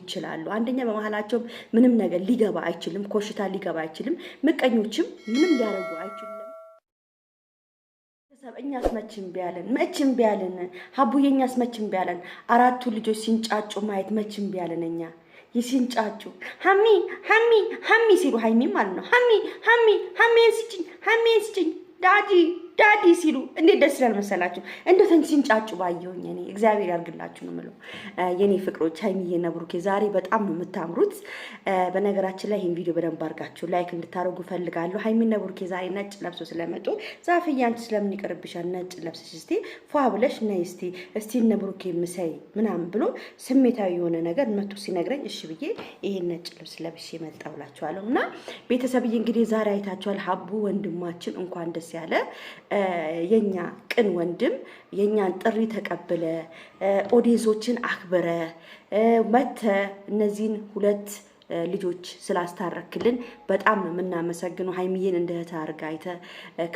ይችላሉ። አንደኛ በመሀላቸው ምንም ነገር ሊገባ አይችልም፣ ኮሽታ ሊገባ አይችልም። ምቀኞችም ምንም ሊያደርጉ አይችልም። እኛስ መች ቢያለን አለን? ቢያለን እምቢ አለን? ሀቡዬ እኛስ መች እምቢ አራቱ ልጆች ሲንጫጩ ማየት መች ቢያለን አለን? እኛ ሲንጫጩ ሀሚ ሀሚ ሀሚ ሲሉ ሀይሚ ማለት ነው ሀሚ ሀሚ ሀሚ ስጭኝ ሀሚ ስጭኝ ዳዲ ዳዲ ሲሉ እንዴት ደስ ይላል መሰላችሁ። እንደ ተንሲን ጫጩ ባየሁኝ እኔ እግዚአብሔር ያርግላችሁ ነው የምለው። የኔ ፍቅሮች ሀይሚዬና ብሩኬ ዛሬ በጣም ነው የምታምሩት። በነገራችን ላይ ይህን ቪዲዮ በደንብ አድርጋችሁ ላይክ እንድታደርጉ ፈልጋለሁ። ሀይሚና ብሩኬ ዛሬ ነጭ ለብሶ ስለመጡ ዛፍዬ፣ አንቺ ስለምን ይቀርብሻል ነጭ ለብሰሽ እስቲ ፏ ብለሽ ነይ እስቲ እስቲ እነ ብሩኬ ምሳይ ምናምን ብሎ ስሜታዊ የሆነ ነገር መቶ ሲነግረኝ እሺ ብዬ ይሄን ነጭ ልብስ ለብሼ መጣሁ እና ቤተሰብዬ እንግዲህ ዛሬ አይታችኋል። ሀቡ ወንድማችን እንኳን ደስ ያለ የኛ ቅን ወንድም የኛን ጥሪ ተቀብለ ኦዲየንሶችን አክብረ መተ እነዚህን ሁለት ልጆች ስላስታረክልን በጣም ነው የምናመሰግነው። ሀይሚዬን እንደ እህት አድርጋ አይተ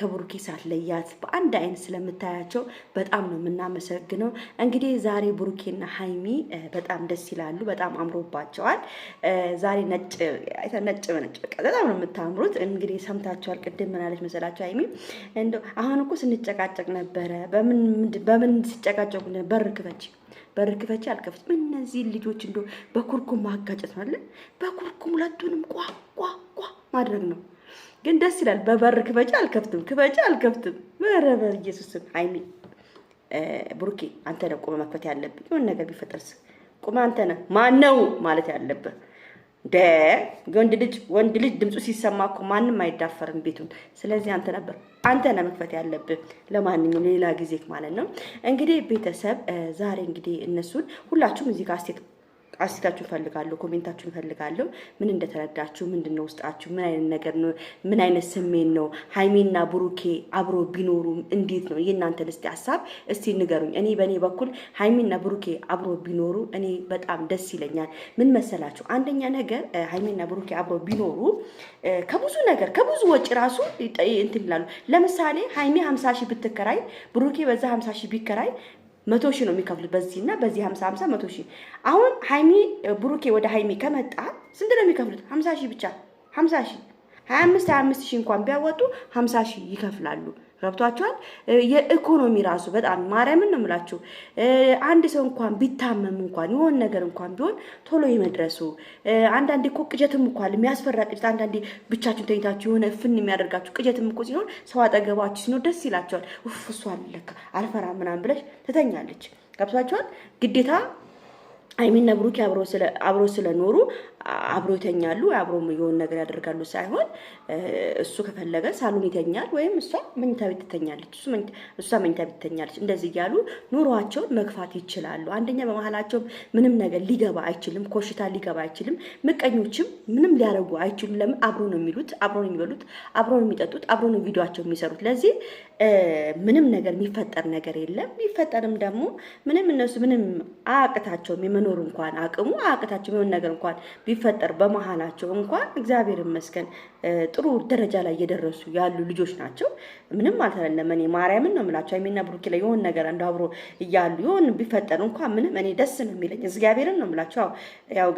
ከብሩኬ ሳትለያት በአንድ አይን ስለምታያቸው በጣም ነው የምናመሰግነው። እንግዲህ ዛሬ ብሩኬና ሀይሚ በጣም ደስ ይላሉ፣ በጣም አምሮባቸዋል። ዛሬ ነጭ ነጭ በቃ በጣም ነው የምታምሩት። እንግዲህ ሰምታችኋል። ቅድም ምናለች መሰላቸው ሀይሚ እንደው አሁን እኮ ስንጨቃጨቅ ነበረ። በምን በምን ሲጨቃጨቁ በር ክፈች በር ክፈቼ አልከፍችም። እነዚህን ልጆች እንዶ በኩርኩም ማጋጨት ነው አለ በኩርኩም ሁለቱንም ቋ ቋ ቋ ማድረግ ነው። ግን ደስ ይላል። በበር ክፈቼ አልከፍትም፣ ክፈቼ አልከፍትም። ኧረ በኢየሱስም ሀይሚ ብሩኬ፣ አንተ ነው ቁመህ መክፈት ያለብህ። የሆነ ነገር ቢፈጠርስ ቁመህ አንተ ነህ ማነው ማለት ያለብህ ደ ወንድ ልጅ ወንድ ልጅ ድምፁ ሲሰማ እኮ ማንም አይዳፈርም ቤቱን። ስለዚህ አንተ ነበር አንተ ነህ መክፈት ያለብህ። ለማንኛውም ሌላ ጊዜ ማለት ነው። እንግዲህ ቤተሰብ ዛሬ እንግዲህ እነሱን ሁላችሁም እዚህ ጋር ስቴት አስታችሁ ፈልጋለሁ፣ ኮሜንታችሁን ፈልጋለሁ። ምን እንደተረዳችሁ፣ ምንድን ነው ውስጣችሁ፣ ምን አይነት ነገር ነው፣ ምን አይነት ስሜት ነው? ሀይሜና ብሩኬ አብሮ ቢኖሩ እንዴት ነው? የእናንተ ልስቲ ሀሳብ እስቲ ንገሩኝ። እኔ በእኔ በኩል ሀይሜና ብሩኬ አብሮ ቢኖሩ እኔ በጣም ደስ ይለኛል። ምን መሰላችሁ? አንደኛ ነገር ሀይሜና ብሩኬ አብሮ ቢኖሩ ከብዙ ነገር ከብዙ ወጪ ራሱ እንትን ይላሉ። ለምሳሌ ሀይሜ ሀምሳ ሺህ ብትከራይ ብሩኬ በዛ ሀምሳ ሺህ ቢከራይ መቶ ሺህ ነው የሚከፍሉት በዚህ እና በዚህ ሀምሳ ሀምሳ መቶ ሺህ አሁን ሀይሚ ብሩኬ ወደ ሀይሚ ከመጣ ስንት ነው የሚከፍሉት? ሀምሳ ሺህ ብቻ ሀምሳ ሺህ ሀያ አምስት ሀያ አምስት ሺህ እንኳን ቢያወጡ ሀምሳ ሺህ ይከፍላሉ። ገብቷችኋል። የኢኮኖሚ ራሱ በጣም ማርያምን ነው የምላችሁ። አንድ ሰው እንኳን ቢታመም እንኳን የሆን ነገር እንኳን ቢሆን ቶሎ የመድረሱ አንዳንዴ እኮ ቅጀትም እንኳን የሚያስፈራ ቅጀት፣ አንዳንዴ ብቻችሁን ተኝታችሁ የሆነ ፍን የሚያደርጋችሁ ቅጀትም እኮ ሲኖር ሰው አጠገባችሁ ሲኖር ደስ ይላቸዋል። ውፍ እሷ አለካ አልፈራ ምናምን ብለሽ ትተኛለች። ገብቷችኋል። ግዴታ አይሚና ብሩኬ አብሮ ስለኖሩ አብሮ ይተኛሉ፣ አብሮ የሆን ነገር ያደርጋሉ ሳይሆን እሱ ከፈለገ ሳሎን ይተኛል፣ ወይም እሷ መኝታ ቤት ትተኛለች፣ እሷ መኝታ ቤት ትተኛለች። እንደዚህ እያሉ ኑሯቸውን መግፋት ይችላሉ። አንደኛ በመሀላቸው ምንም ነገር ሊገባ አይችልም፣ ኮሽታ ሊገባ አይችልም። ምቀኞችም ምንም ሊያደርጉ አይችሉም። ለምን አብሮ ነው የሚሉት፣ አብሮ ነው የሚበሉት፣ አብሮ ነው የሚጠጡት፣ አብሮ ነው ቪዲዮቸው የሚሰሩት። ለዚህ ምንም ነገር የሚፈጠር ነገር የለም። የሚፈጠርም ደግሞ ምንም እነሱ ምንም አያቅታቸውም፣ የመኖር እንኳን አቅሙ አያቅታቸውም የሆን ነገር እንኳን ቢፈጠር በመሀላቸው እንኳን እግዚአብሔር ይመስገን ጥሩ ደረጃ ላይ እየደረሱ ያሉ ልጆች ናቸው። ምንም አልተለለም። እኔ ማርያምን ነው የምላቸው ሃይሚና ብሩኪ ላይ የሆን ነገር እንደ አብሮ እያሉ የሆን ቢፈጠር እንኳን ምንም እኔ ደስ ነው የሚለኝ እግዚአብሔርን ነው የምላቸው። ያው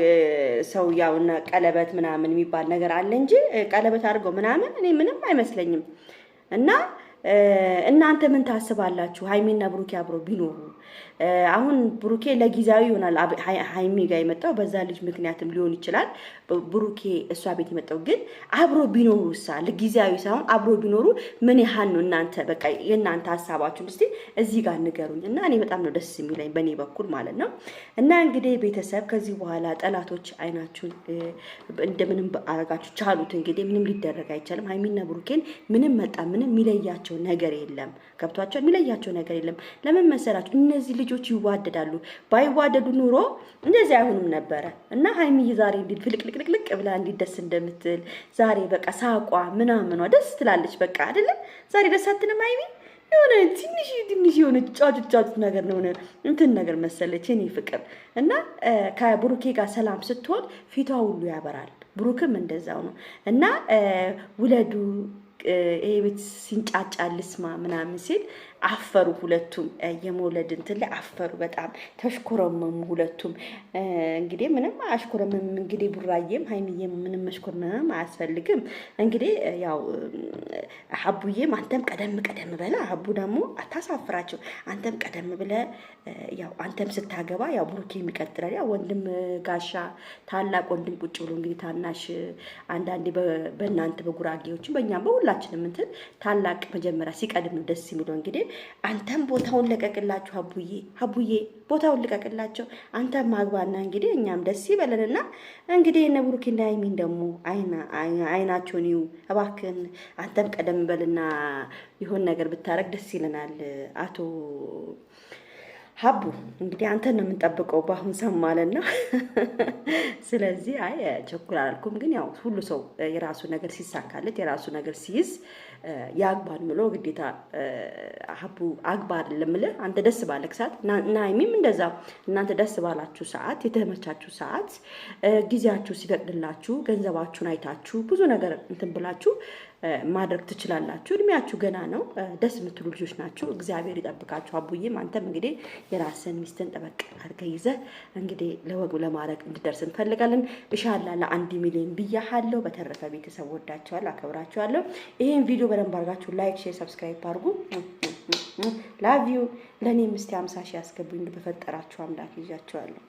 ሰው ያው ቀለበት ምናምን የሚባል ነገር አለ እንጂ ቀለበት አድርገው ምናምን እኔ ምንም አይመስለኝም እና እናንተ ምን ታስባላችሁ? ሀይሚና ብሩኬ አብሮ ቢኖሩ አሁን ብሩኬ ለጊዜያዊ ይሆናል ሀይሚ ጋር የመጣው በዛ ልጅ ምክንያትም ሊሆን ይችላል። ብሩኬ እሷ ቤት የመጣው ግን አብሮ ቢኖሩ እሳ ለጊዜያዊ ሳይሆን አብሮ ቢኖሩ ምን ያህል ነው? እናንተ በቃ የእናንተ ሀሳባችሁን እስኪ እዚህ ጋር ንገሩኝ እና እኔ በጣም ነው ደስ የሚለኝ በእኔ በኩል ማለት ነው። እና እንግዲህ ቤተሰብ ከዚህ በኋላ ጠላቶች አይናችሁን እንደምንም አረጋችሁ ቻሉት። እንግዲህ ምንም ሊደረግ አይቻልም። ሀይሚና ብሩኬን ምንም መጣ ምንም የሚለያቸው የሚለያቸው ነገር የለም። ገብቷቸው የሚለያቸው ነገር የለም። ለምን መሰላችሁ? እነዚህ ልጆች ይዋደዳሉ። ባይዋደዱ ኑሮ እንደዚህ አይሆኑም ነበረ እና ሀይሚዬ ዛሬ እንዲፍልቅልቅልቅ ብላ እንዲደስ እንደምትል ዛሬ በቃ ሳቋ ምናምኗ ደስ ትላለች። በቃ አይደለም ዛሬ ደስ አትልም ሀይሚ የሆነ ትንሽ ትንሽ የሆነ ጫጩት ጫጩት ነገር ነው እንትን ነገር መሰለች የኔ ፍቅር እና ከብሩኬ ጋር ሰላም ስትሆን ፊቷ ሁሉ ያበራል። ብሩክም እንደዛው ነው እና ውለዱ ይሄ ቤት ሲንጫጫ ልስማ ምናምን ሲል አፈሩ። ሁለቱም የመውለድ እንትን ላይ አፈሩ። በጣም ተሽኮረመሙ ሁለቱም። እንግዲህ ምንም አሽኮረምም። እንግዲህ ቡራዬም ሀይሚዬም ምንም መሽኮርመም አያስፈልግም። እንግዲህ ያው ሀቡዬም አንተም ቀደም ቀደም በለ ሀቡ ደግሞ አታሳፍራቸው። አንተም ቀደም ብለ ያው አንተም ስታገባ ያው ብሩኬም የሚቀጥላል። ያው ወንድም ጋሻ ታላቅ ወንድም ቁጭ ብሎ እንግዲህ ታናሽ አንዳንዴ በእናንተ በጉራጌዎችም በእኛም በሁላ የሁላችንም እንትን ታላቅ መጀመሪያ ሲቀድም ነው ደስ የሚለው። እንግዲህ አንተም ቦታውን ለቀቅላቸው አቡዬ አቡዬ ቦታውን ልቀቅላቸው፣ አንተም ማግባና እንግዲህ እኛም ደስ ይበለንና እንግዲህ እነ ብሩኪና ሀይሚን ደግሞ አይናቸውን ይዩ እባክን፣ አንተም ቀደም በልና ይሆን ነገር ብታረግ ደስ ይለናል አቶ ሀቡ እንግዲህ አንተን ነው የምንጠብቀው በአሁን ሰም ማለት ነው። ስለዚህ አይ ቸኩል አላልኩም፣ ግን ያው ሁሉ ሰው የራሱ ነገር ሲሳካለት የራሱ ነገር ሲይዝ የአግባን ምሎ ግዴታ ሀቡ አግባ አይደለም እልህ አንተ ደስ ባለክ ሰዓት እና ሀይሚም እንደዛ እናንተ ደስ ባላችሁ ሰዓት የተመቻችሁ ሰዓት ጊዜያችሁ ሲፈቅድላችሁ ገንዘባችሁን አይታችሁ ብዙ ነገር እንትን ብላችሁ ማድረግ ትችላላችሁ። እድሜያችሁ ገና ነው። ደስ የምትሉ ልጆች ናችሁ። እግዚአብሔር ይጠብቃችሁ። አቡዬም አንተም እንግዲህ የራስን ሚስትን ጠበቅ አድርገ ይዘ እንግዲህ ለወግ ለማድረግ እንድደርስ እንፈልጋለን። እሻላ ለአንድ ሚሊዮን ብያሃለሁ። በተረፈ ቤተሰብ ወዳቸዋል፣ አከብራቸዋለሁ። ይህን ቪዲዮ በደንብ አድርጋችሁ ላይክ፣ ሼር፣ ሰብስክራይብ አድርጉ። ላቭ ዩ ለእኔም ምስቲ አምሳ ሺህ ያስገቡኝ በፈጠራችሁ አምላክ ይዣቸዋለሁ።